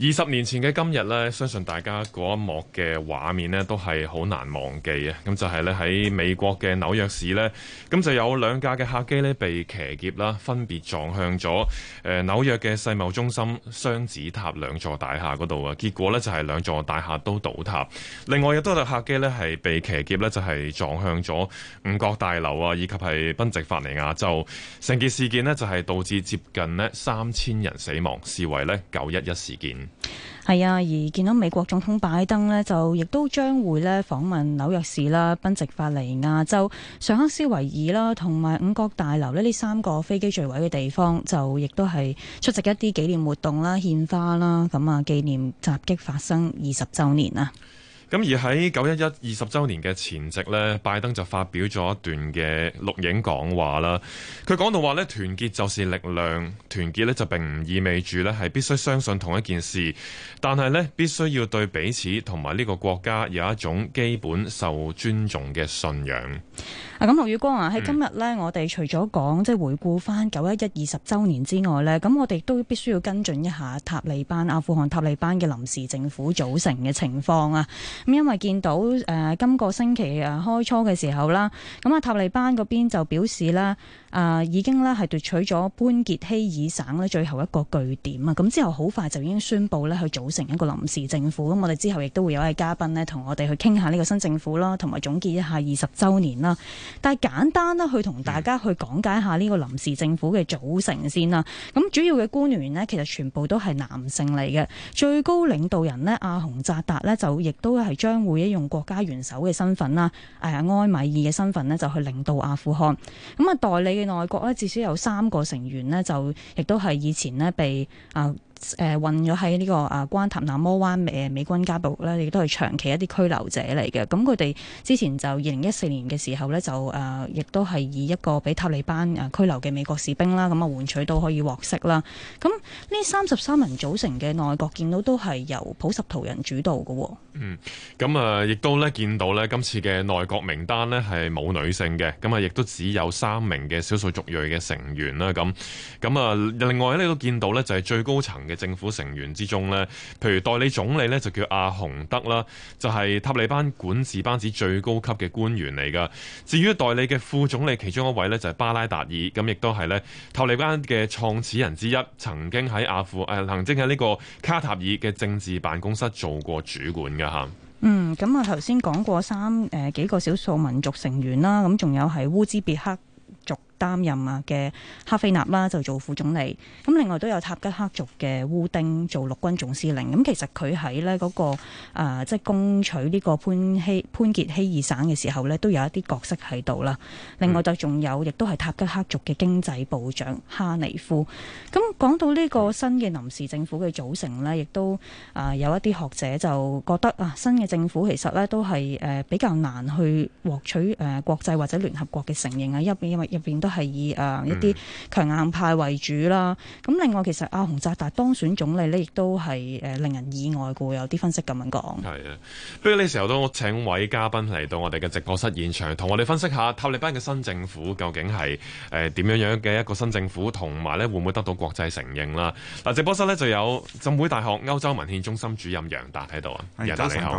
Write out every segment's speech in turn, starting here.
二十年前嘅今日呢，相信大家嗰一幕嘅畫面呢都係好難忘記啊！咁就係呢，喺美國嘅紐約市呢，咁就有兩架嘅客機呢被騎劫啦，分別撞向咗誒紐約嘅世貿中心雙子塔兩座大廈嗰度啊！結果呢就係兩座大廈都倒塌，另外有多架客機呢係被騎劫呢，就係撞向咗五角大樓啊，以及係賓夕法尼亞州。成件事件呢，就係導致接近呢三千人死亡，視為呢九一一事件。係啊，而見到美國總統拜登呢，就亦都將會呢訪問紐約市啦、賓夕法尼亞州、就尚克斯維爾啦，同埋五角大樓呢呢三個飛機墜毀嘅地方，就亦都係出席一啲紀念活動啦、獻花啦，咁啊紀念襲擊發生二十周年啊。咁而喺九一一二十周年嘅前夕呢，拜登就發表咗一段嘅錄影講話啦。佢講到話咧，團結就是力量，團結呢就並唔意味住咧係必須相信同一件事，但係呢必須要對彼此同埋呢個國家有一種基本受尊重嘅信仰。啊、嗯，咁盧宇光啊，喺今日呢，我哋除咗講即係回顧翻九一一二十周年之外呢，咁我哋都必須要跟進一下塔利班、阿富汗塔利班嘅臨時政府組成嘅情況啊。咁因為見到誒、呃、今個星期誒、啊、開初嘅時候啦，咁啊塔利班嗰邊就表示啦。啊，已經呢係奪取咗潘傑希爾省呢最後一個據點啊！咁之後好快就已經宣布呢去組成一個臨時政府。咁我哋之後亦都會有位嘉賓呢同我哋去傾下呢個新政府啦，同埋總結一下二十週年啦。但係簡單呢去同大家去講解一下呢個臨時政府嘅組成先啦。咁主要嘅官員呢，其實全部都係男性嚟嘅。最高領導人呢，阿洪扎達呢，就亦都係將會用國家元首嘅身份啦，誒埃米爾嘅身份呢，就去領導阿富汗。咁啊，代理。內閣咧至少有三個成員咧，就亦都係以前咧被啊。呃誒運咗喺呢個啊關塔那摩灣誒美軍監獄，咧，亦都係長期一啲拘留者嚟嘅。咁佢哋之前就二零一四年嘅時候咧，就誒亦都係以一個俾塔利班誒拘留嘅美國士兵啦，咁啊換取到可以獲釋啦。咁呢三十三人組成嘅內閣，見到都係由普什圖人主導嘅。嗯，咁啊亦都咧見到咧，今次嘅內閣名單呢，係冇女性嘅，咁啊亦都只有三名嘅少數族裔嘅成員啦。咁咁啊另外呢，都見到呢就係最高層嘅。政府成員之中呢，譬如代理總理呢，就叫阿洪德啦，就係、是、塔利班管治班子最高級嘅官員嚟噶。至於代理嘅副總理其中一位呢，就係巴拉達爾，咁亦都係呢，塔利班嘅創始人之一，曾經喺阿富汗、誒、呃、行政喺呢個卡塔爾嘅政治辦公室做過主管噶嚇。嗯，咁啊頭先講過三誒、呃、幾個少數民族成員啦，咁仲有係烏茲別克族。擔任啊嘅哈菲納啦，就做副總理。咁另外都有塔吉克族嘅烏丁做陸軍總司令。咁其實佢喺呢嗰個啊、呃，即係攻取呢個潘希潘傑希爾省嘅時候呢，都有一啲角色喺度啦。另外就仲有，亦都係塔吉克族嘅經濟部長哈尼夫。咁講到呢個新嘅臨時政府嘅組成呢，亦都啊、呃、有一啲學者就覺得啊，新嘅政府其實呢，都係誒比較難去獲取誒、呃、國際或者聯合國嘅承認啊。入邊因為入邊都。係以誒一啲強硬派為主啦。咁、嗯、另外，其實阿、啊、洪澤達當選總理呢，亦都係誒令人意外嘅。有啲分析咁樣講。係啊，不如呢時候都請位嘉賓嚟到我哋嘅直播室現場，同我哋分析一下塔利班嘅新政府究竟係誒點樣樣嘅一個新政府，同埋呢會唔會得到國際承認啦？嗱，直播室呢，就有浸會大學歐洲文獻中心主任楊達喺度啊。楊達你好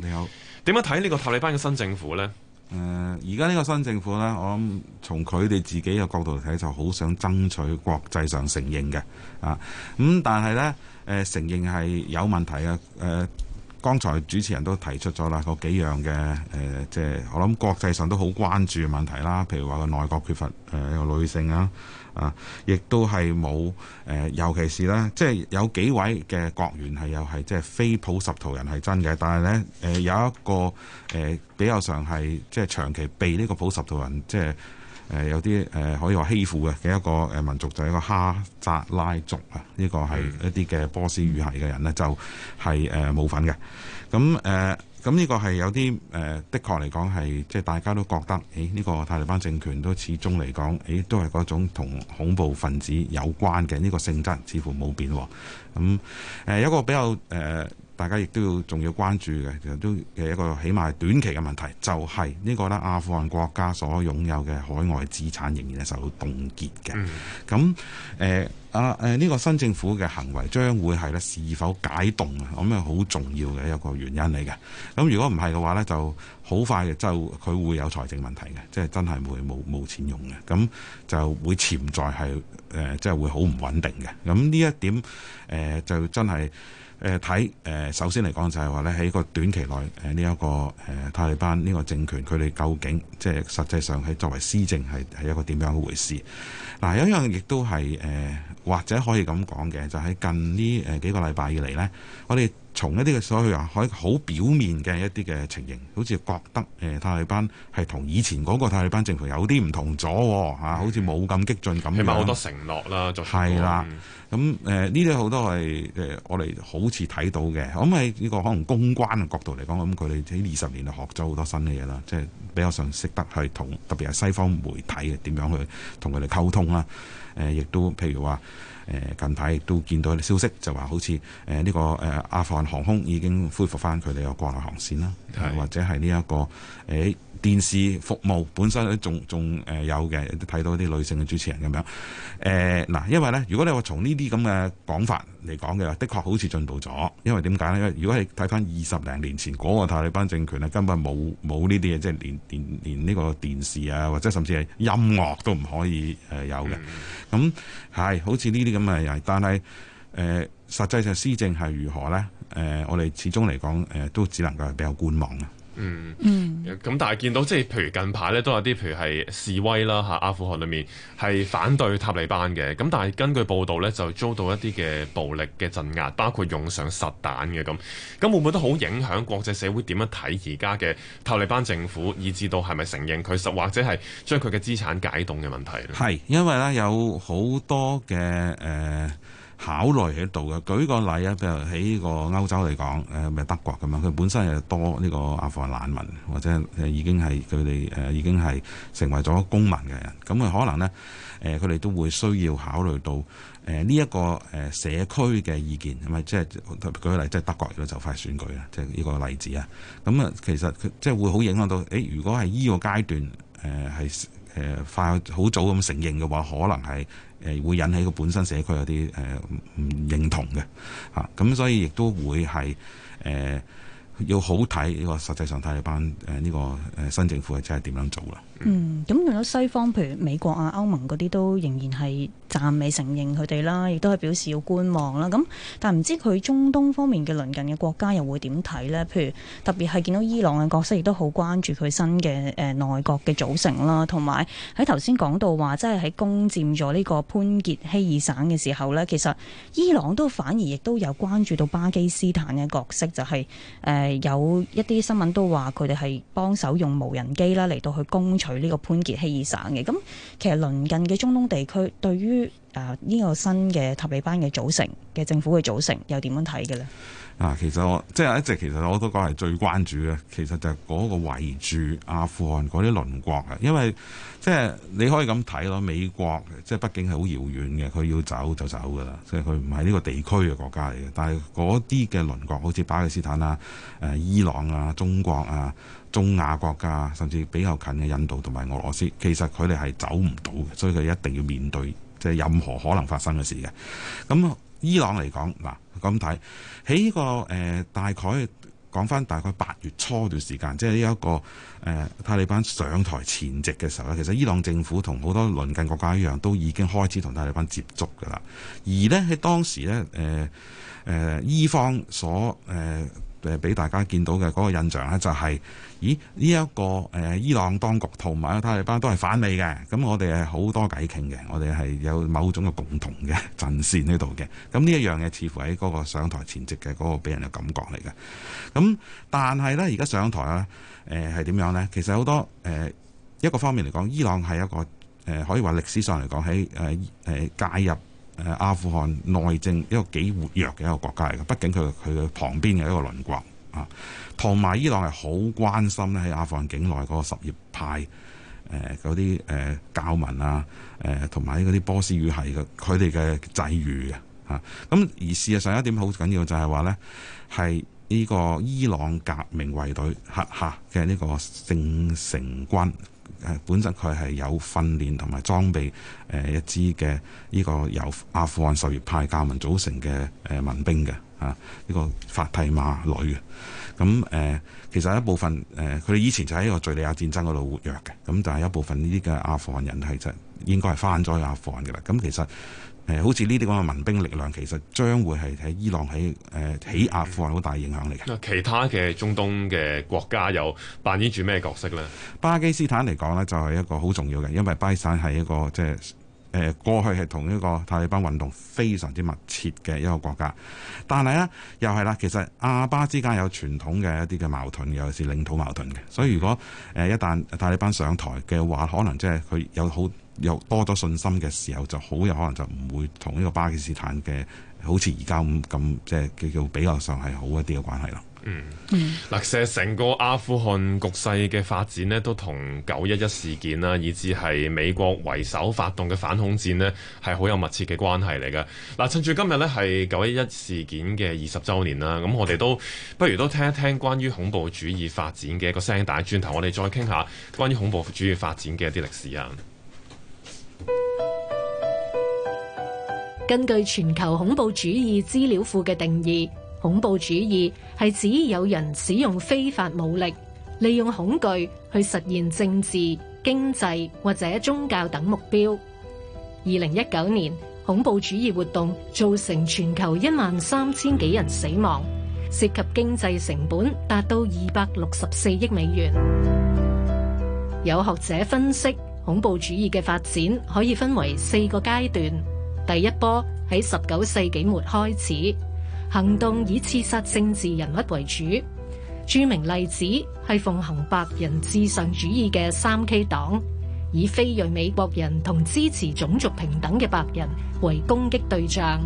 你好。點樣睇呢個塔利班嘅新政府呢？誒而家呢個新政府呢，我諗從佢哋自己嘅角度嚟睇，就好想爭取國際上承認嘅，啊咁、嗯，但係呢，誒、呃、承認係有問題啊誒。呃剛才主持人都提出咗啦，個幾樣嘅、呃、即係我諗國際上都好關注嘅問題啦。譬如話個內閣缺乏誒一個女性啊，啊，亦都係冇、呃、尤其是呢，即係有幾位嘅國員係又係即係非普什圖人係真嘅，但係呢、呃，有一個誒、呃、比較上係即係長期被呢個普什圖人即係。誒、呃、有啲誒、呃、可以話欺負嘅嘅一個誒民族就係、是、一個哈扎拉族啊，呢、這個係一啲嘅波斯語系嘅人咧、啊，就係誒冇份嘅。咁誒咁呢個係有啲誒、呃，的確嚟講係即係大家都覺得，誒、哎、呢、這個塔利班政權都始終嚟講，誒、哎、都係嗰種同恐怖分子有關嘅呢、這個性質，似乎冇變。咁誒有一個比較誒。呃呃呃呃呃呃呃大家亦都要仲要關注嘅，其實都嘅一個起碼係短期嘅問題，就係、是、呢個咧阿富汗國家所擁有嘅海外資產仍然係受到凍結嘅。咁、嗯、誒、嗯呃、啊誒，呢、呃這個新政府嘅行為將會係咧是否解凍啊？咁啊好重要嘅一個原因嚟嘅。咁、嗯、如果唔係嘅話咧，就好快嘅就佢會有財政問題嘅，即係真係會冇冇錢用嘅。咁、嗯、就會潛在係誒，即、呃、係、就是、會好唔穩定嘅。咁、嗯、呢一點誒、呃，就真係。誒睇誒，首先嚟講就係話咧，喺一個短期內誒呢一個誒塔利班呢個政權，佢哋究竟，即係實際上係作為施政係係一個點樣嘅回事。嗱、啊，有一樣亦都係誒，或者可以咁講嘅，就喺、是、近呢誒幾個禮拜以嚟呢，我哋從一啲嘅所謂話，可以好表面嘅一啲嘅情形，好似覺得誒、呃、塔利班係同以前嗰個塔利班政府有啲唔同咗嚇、啊，好似冇咁激進咁。起碼好多承諾啦，做係啦。咁誒呢啲好多係誒我哋好似睇到嘅。咁喺呢個可能公關嘅角度嚟講，咁佢哋喺二十年度學咗好多新嘅嘢啦，即係比較上識。得去同特別係西方媒體嘅點樣去同佢哋溝通啦，誒，亦都譬如話。誒近排亦都見到啲消息，就話好似誒呢個誒阿富汗航空已經恢復翻佢哋嘅國內航線啦，或者係呢一個誒、欸、電視服務本身都仲仲誒有嘅，睇到啲女性嘅主持人咁樣。誒、欸、嗱，因為呢，如果你從這這話從呢啲咁嘅講法嚟講嘅，的確好似進步咗。因為點解呢？因為如果係睇翻二十零年前嗰、那個塔利班政權咧，根本冇冇呢啲嘢，即係、就是、連連連呢個電視啊，或者甚至係音樂都唔可以誒有嘅。咁、嗯、係好似呢啲。咁咪係，但係誒實際上施政係如何咧？誒、呃，我哋始終嚟講，誒、呃，都只能夠係比較觀望嘅。嗯，咁、嗯、但係見到即係譬如近排咧都有啲譬如係示威啦、啊、阿富汗裏面係反對塔利班嘅，咁但係根據報道咧就遭到一啲嘅暴力嘅鎮壓，包括用上實彈嘅咁。咁會唔會都好影響國際社會點樣睇而家嘅塔利班政府，以至到係咪承認佢實或者係將佢嘅資產解凍嘅問題咧？係因為咧有好多嘅誒。呃考慮喺度嘅舉個例啊，譬如喺呢個歐洲嚟講，誒、呃、咪德國咁樣，佢本身又多呢個阿富汗難民，或者已經係佢哋誒已經係成為咗公民嘅人，咁佢可能呢，誒佢哋都會需要考慮到誒呢一個誒、呃、社區嘅意見，係咪即係舉個例，即係德國佢就快選舉啦，即係呢個例子啊，咁啊其實即係會好影響到誒，如果係呢個階段誒係。呃誒快好早咁承認嘅話，可能係誒會引起個本身社區有啲誒唔認同嘅吓，咁所以亦都會係誒、呃、要好睇呢個實際上塔利班誒呢個新政府係真係點樣做啦。嗯，咁見到西方譬如美國啊、歐盟嗰啲都仍然係暫未承認佢哋啦，亦都係表示要觀望啦。咁但係唔知佢中東方面嘅鄰近嘅國家又會點睇咧？譬如特別係見到伊朗嘅角色，亦都好關注佢新嘅誒內閣嘅組成啦，同埋喺頭先講到話即係喺攻佔咗呢個潘杰希爾省嘅時候咧，其實伊朗都反而亦都有關注到巴基斯坦嘅角色，就係、是、誒、呃、有一啲新聞都話佢哋係幫手用無人機啦嚟到去攻取。呢個潘傑希爾省嘅咁，其實鄰近嘅中東地區對於啊呢個新嘅塔利班嘅組成嘅政府嘅組成，又點樣睇嘅咧？啊，其實我即係一直其實我都講係最關注嘅，其實就係嗰個圍住阿富汗嗰啲鄰國啊，因為即係你可以咁睇咯，美國即係畢竟係好遙遠嘅，佢要走就走噶啦，即係佢唔係呢個地區嘅國家嚟嘅。但係嗰啲嘅鄰國，好似巴基斯坦啊、誒、呃、伊朗啊、中國啊。中亞國家甚至比較近嘅印度同埋俄羅斯，其實佢哋係走唔到嘅，所以佢一定要面對即係任何可能發生嘅事嘅。咁伊朗嚟講，嗱咁睇喺呢個、呃、大概講返大概八月初段時間，即係呢一個誒、呃、泰利班上台前夕嘅時候咧，其實伊朗政府同好多鄰近國家一樣，都已經開始同泰利班接觸㗎喇。而呢，喺當時呢，誒、呃呃、伊方所誒。呃誒俾大家見到嘅嗰個印象呢，就係、是，咦？呢、這、一個誒伊朗當局同埋啊塔利班都係反美嘅，咁我哋係好多偈傾嘅，我哋係有某種嘅共同嘅陣線呢度嘅，咁呢一樣嘢似乎喺嗰個上台前夕嘅嗰個俾人嘅感覺嚟嘅。咁但係呢，而家上台啊，誒係點樣呢？其實好多誒、呃、一個方面嚟講，伊朗係一個誒、呃、可以話歷史上嚟講喺誒誒介入。誒、啊、阿富汗內政一個幾活躍嘅一個國家嚟嘅，畢竟佢佢嘅旁邊有一個鄰國啊，同埋伊朗係好關心呢喺阿富汗境內嗰個什葉派誒嗰啲誒教民啊誒同埋啲嗰啲波斯語系嘅佢哋嘅際遇嘅嚇，咁而事實上一點好緊要就係話呢，係呢個伊朗革命衛隊轄下嘅呢個聖城軍。誒本身佢係有訓練同埋裝備誒一支嘅呢個由阿富汗什葉派教民組成嘅誒民兵嘅啊呢、呢個法蒂馬旅嘅，咁、啊、誒其實一部分誒佢、啊、以前就喺個敍利亞戰爭嗰度活躍嘅，咁但係一部分呢啲嘅阿富汗人係真應該係翻咗阿富汗嘅啦，咁、啊、其實。誒，好似呢啲咁嘅民兵力量，其實將會係喺伊朗喺誒起阿富汗有好大影響力嘅。其他嘅中東嘅國家又扮演住咩角色咧？巴基斯坦嚟講咧，就係一個好重要嘅，因為巴基斯坦係一個即係。就是誒過去係同呢個塔利班運動非常之密切嘅一個國家，但係呢，又係啦，其實阿巴之間有傳統嘅一啲嘅矛盾，尤其是領土矛盾嘅。所以如果誒一旦塔利班上台嘅話，可能即係佢有好有多咗信心嘅時候，就好有可能就唔會同呢個巴基斯坦嘅好似而家咁咁即係叫做比較上係好一啲嘅關係啦。嗯，嗱，成個阿富汗局勢嘅發展咧，都同九一一事件啦，以至係美國為首發動嘅反恐戰咧，係好有密切嘅關係嚟嘅。嗱，趁住今日咧係九一一事件嘅二十周年啦，咁我哋都不如都聽一聽關於恐怖主義發展嘅一個聲帶。轉頭我哋再傾下關於恐怖主義發展嘅一啲歷史啊。根據全球恐怖主義資料庫嘅定義。恐怖主義係指有人使用非法武力，利用恐懼去實現政治、經濟或者宗教等目標。二零一九年，恐怖主義活動造成全球一萬三千幾人死亡，涉及經濟成本達到二百六十四億美元。有學者分析，恐怖主義嘅發展可以分為四個階段。第一波喺十九世紀末開始。行動以刺殺政治人物為主，著名例子係奉行白人至上主義嘅三 K 黨，以非裔美國人同支持種族平等嘅白人為攻擊對象。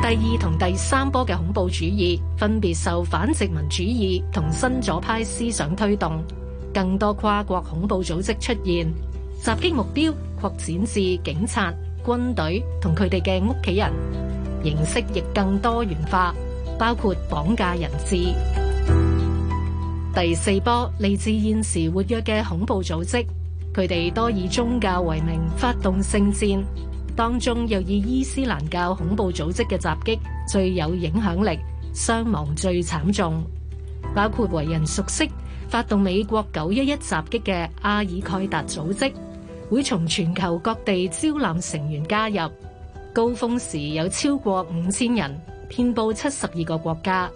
第二同第三波嘅恐怖主義分別受反殖民主義同新左派思想推動，更多跨國恐怖組織出現，襲擊目標擴展至警察、軍隊同佢哋嘅屋企人。形式亦更多元化，包括綁架人質。第四波嚟自現時活躍嘅恐怖組織，佢哋多以宗教為名發動聖戰，當中又以伊斯蘭教恐怖組織嘅襲擊最有影響力，傷亡最慘重。包括為人熟悉、發動美國九一一襲擊嘅阿爾蓋達組織，會從全球各地招攬成員加入。高峰時有超過五千人，遍佈七十二個國家。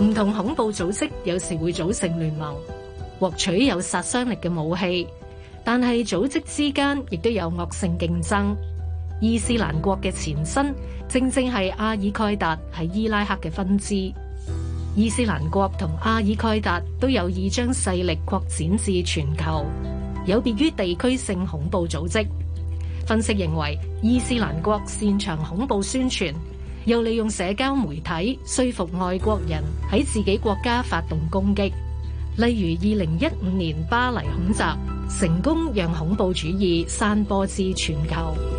唔同恐怖組織有時會組成聯盟，獲取有殺傷力嘅武器，但係組織之間亦都有惡性競爭。伊斯蘭國嘅前身正正係阿爾蓋達喺伊拉克嘅分支。伊斯蘭國同阿爾蓋達都有意將勢力擴展至全球，有別於地區性恐怖組織。分析認為伊斯蘭國擅長恐怖宣傳，又利用社交媒體說服外國人喺自己國家發動攻擊，例如二零一五年巴黎恐襲，成功讓恐怖主義散播至全球。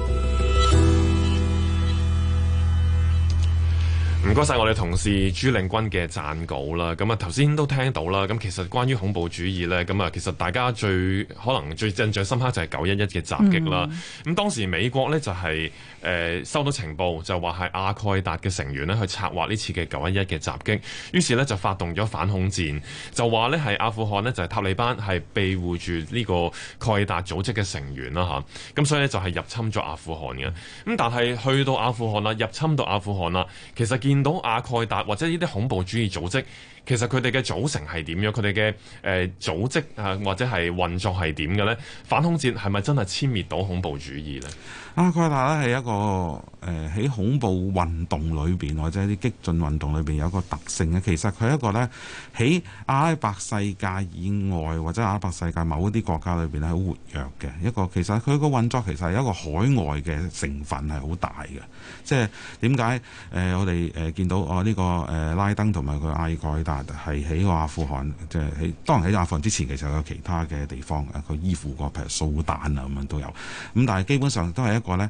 唔該晒，我哋同事朱令筠嘅撰稿啦，咁啊頭先都聽到啦，咁其實關於恐怖主義呢，咁啊其實大家最可能最印象深刻就係九一一嘅襲擊啦，咁、嗯、當時美國呢，就係、是。誒收到情報就話係阿蓋達嘅成員咧去策劃呢次嘅九一一嘅襲擊，於是咧就發動咗反恐戰，就話咧係阿富汗呢就係塔利班係庇護住呢個蓋達組織嘅成員啦嚇，咁所以咧就係入侵咗阿富汗嘅，咁但係去到阿富汗啦，入侵到阿富汗啦，其實見到阿蓋達或者呢啲恐怖主義組織。其實佢哋嘅組成係點樣的？佢哋嘅誒組織啊，或者係運作係點嘅咧？反恐戰係咪真係殲滅到恐怖主義咧？阿、啊、蓋達咧係一個誒喺、呃、恐怖運動裏邊，或者喺啲激進運動裏邊有一個特性嘅。其實佢一個咧喺阿拉伯世界以外，或者阿拉伯世界某一啲國家裏邊咧，好活躍嘅一個。其實佢個運作其實係一個海外嘅成分係好大嘅。即係點解誒我哋誒、呃、見到哦呢、呃、這個誒、呃、拉登同埋佢阿蓋達？係喺個阿富汗，即係喺當然喺阿富汗之前，其實有其他嘅地方，佢依附過，譬如蘇丹啊咁樣都有。咁但係基本上都係一個呢，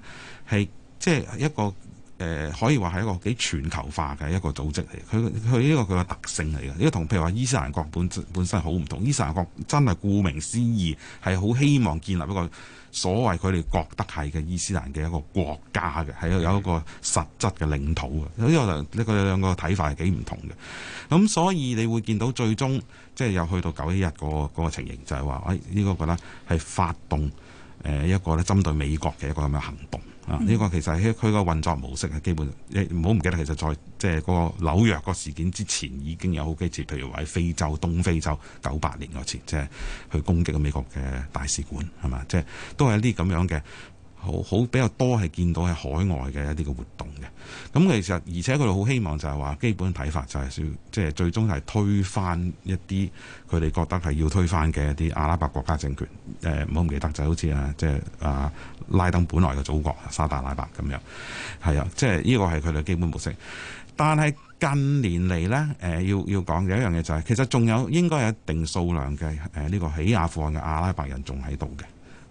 係即係一個誒、呃，可以話係一個幾全球化嘅一個組織嚟。佢佢呢個佢嘅特性嚟嘅，呢個同譬如話伊斯蘭國本本身好唔同。伊斯蘭國真係顧名思義係好希望建立一個。所謂佢哋覺得係嘅伊斯蘭嘅一個國家嘅，係有一個實質嘅領土嘅，呢個呢個兩個睇法係幾唔同嘅。咁所以你會見到最終即係又去到九一一個個情形，就係話，哎，呢個覺得係發動，誒一個咧針對美國嘅一個咁嘅行動、嗯、啊，呢、這個其實喺佢個運作模式基本，唔好唔記得其實在即係、就是、個紐約個事件之前已經有好幾次，譬如話喺非洲東非洲九八年嗰次，即、就、係、是、去攻擊美國嘅大使館，係嘛？即、就、係、是、都係一啲咁樣嘅。好好比較多係見到係海外嘅一啲嘅活動嘅，咁其實而且佢哋好希望就係話基本睇法就係要即係最終係推翻一啲佢哋覺得係要推翻嘅一啲阿拉伯國家政權。誒、呃、唔、就是、好唔記得就好似啊即係啊拉登本來嘅祖國沙特阿拉伯咁樣，係啊即係呢個係佢哋嘅基本模式。但係近年嚟呢，誒、呃、要要講有一樣嘢就係、是、其實仲有應該有一定數量嘅誒呢個喺阿富汗嘅阿拉伯人仲喺度嘅。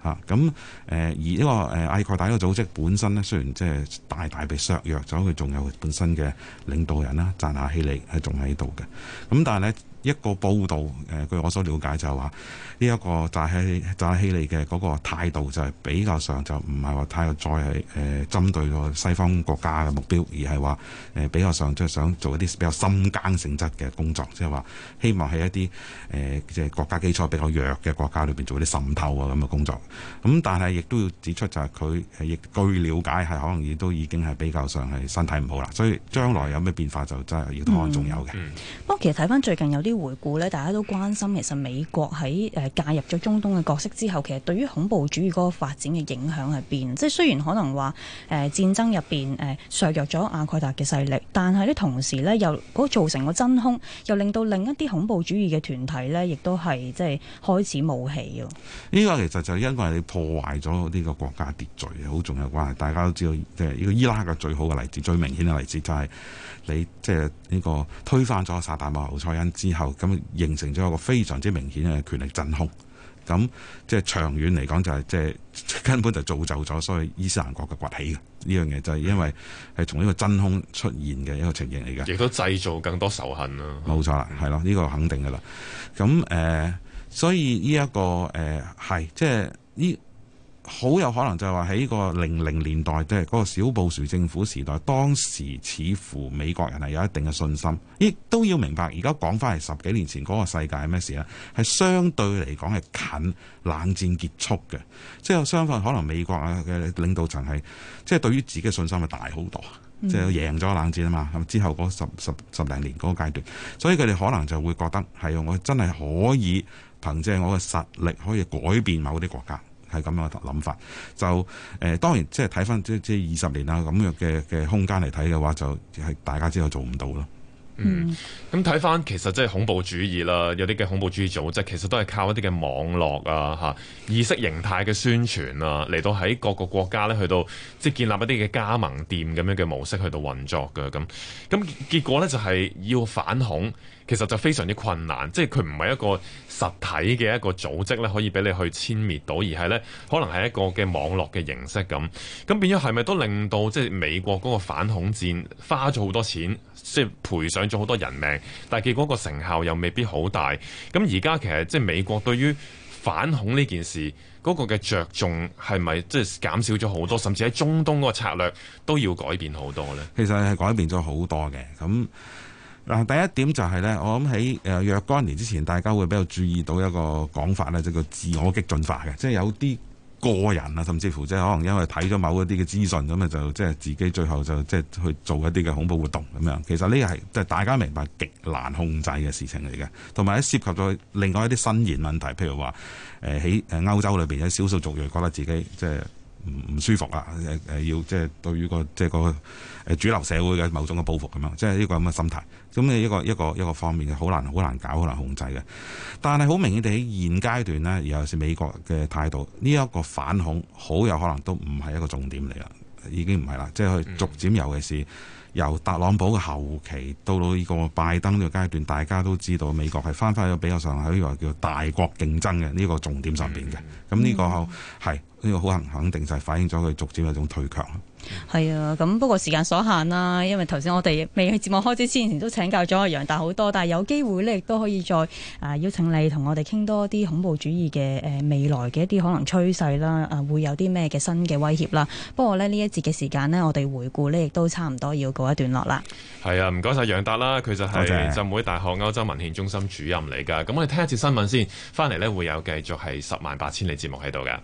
吓咁誒而呢個誒阿蓋達呢個組織本身咧，雖然即係大大被削弱咗，佢仲有佢本身嘅領導人啦、扎瓦希里係仲喺度嘅，咁但係咧。一個報導，誒據我所了解就係話，呢、這、一個扎希、扎希利嘅嗰個態度就係比較上就唔係話太再係誒、呃、針對個西方國家嘅目標，而係話誒比較上即係想做一啲比較深耕性質嘅工作，即係話希望喺一啲誒即係國家基礎比較弱嘅國家裏邊做啲滲透啊咁嘅工作。咁、嗯、但係亦都要指出就係佢亦據了解係可能亦都已經係比較上係身體唔好啦，所以將來有咩變化就真係要、嗯嗯、看仲有嘅。不過其實睇翻最近有啲。回顧咧，大家都關心，其實美國喺誒介入咗中東嘅角色之後，其實對於恐怖主義嗰個發展嘅影響係邊？即係雖然可能話誒、呃、戰爭入邊誒削弱咗阿蓋達嘅勢力，但係呢，同時呢，又造成個真空，又令到另一啲恐怖主義嘅團體呢，亦都係即係開始冒起。呢個其實就是因為你破壞咗呢個國家的秩序，好重要關係。大家都知道，誒呢個伊拉克嘅最好嘅例子、最明顯嘅例子就係你即係呢個推翻咗薩達姆侯賽因之後。咁形成咗一個非常之明顯嘅權力真空，咁即係長遠嚟講就係即係根本就造就咗所謂伊斯蘭國嘅崛起嘅呢樣嘢，就係因為係從呢個真空出現嘅一個情形嚟嘅，亦都製造更多仇恨囉。冇錯啦，係咯，呢、這個肯定噶啦。咁誒、呃，所以呢、這、一個誒係、呃、即係呢。好有可能就係話喺呢個零零年代，即係嗰個小布殊政府時代，當時似乎美國人係有一定嘅信心。亦都要明白，而家講翻係十幾年前嗰個世界係咩事啊，係相對嚟講係近冷戰結束嘅，即係相信可能美國嘅領導層係即係對於自己嘅信心係大好多，嗯、即係贏咗冷戰啊嘛。咁之後嗰十十十零年嗰個階段，所以佢哋可能就會覺得係啊我真係可以憑借我嘅實力可以改變某啲國家。係咁樣嘅諗法，就誒、呃、當然即係睇翻即即係二十年啦咁樣嘅嘅空間嚟睇嘅話，就係大家知道做唔到咯。嗯，咁睇翻其實即係恐怖主義啦，有啲嘅恐怖主義組織其實都係靠一啲嘅網絡啊、嚇、啊、意識形態嘅宣傳啊，嚟到喺各個國家咧去到即係建立一啲嘅加盟店咁樣嘅模式去到運作㗎咁，咁結果咧就係、是、要反恐。其實就非常之困難，即係佢唔係一個實體嘅一個組織咧，可以俾你去遷滅到，而係呢可能係一個嘅網絡嘅形式咁。咁變咗係咪都令到即係美國嗰個反恐戰花咗好多錢，即係賠上咗好多人命，但係結果那個成效又未必好大。咁而家其實即係美國對於反恐呢件事嗰、那個嘅着重係咪即係減少咗好多，甚至喺中東嗰個策略都要改變好多呢？其實係改變咗好多嘅咁。嗱，第一點就係咧，我諗喺誒若干年之前，大家會比較注意到一個講法咧，即叫自我激進化嘅，即係有啲個人啊，甚至乎即係可能因為睇咗某一啲嘅資訊咁啊，就即係自己最後就即係去做一啲嘅恐怖活動咁樣。其實呢個係即係大家明白極難控制嘅事情嚟嘅，同埋涉及咗另外一啲新言問題，譬如話誒喺誒歐洲裏面，有少數族裔覺得自己即係。唔唔舒服啊！要即係對於個即係個主流社會嘅某種嘅報復咁樣，即係呢個咁嘅心態。咁你一個一個一個方面嘅好難好難搞，好難控制嘅。但係好明顯地喺現階段呢，尤其是美國嘅態度，呢、這、一個反恐好有可能都唔係一個重點嚟啦，已經唔係啦。即係逐漸，尤其是由特朗普嘅後期到到呢個拜登呢個階段，大家都知道美國係返返去比較上喺呢個叫大國競爭嘅呢個重點上面嘅。咁、嗯、呢、嗯這個係。呢個好肯肯定，就係反映咗佢逐漸有種退卻。係啊，咁不過時間所限啦、啊。因為頭先我哋未喺節目開始之前都請教咗阿楊達好多，但係有機會呢亦都可以再啊邀請你同我哋傾多啲恐怖主義嘅誒、啊、未來嘅一啲可能趨勢啦。啊，會有啲咩嘅新嘅威脅啦？不過咧，呢一節嘅時間呢，我哋回顧呢亦都差唔多要告一段落啦。係啊，唔該晒楊達啦。佢就係浸會大學歐洲文獻中心主任嚟噶。咁我哋聽一節新聞先，翻嚟呢會有繼續係十萬八千里節目喺度嘅。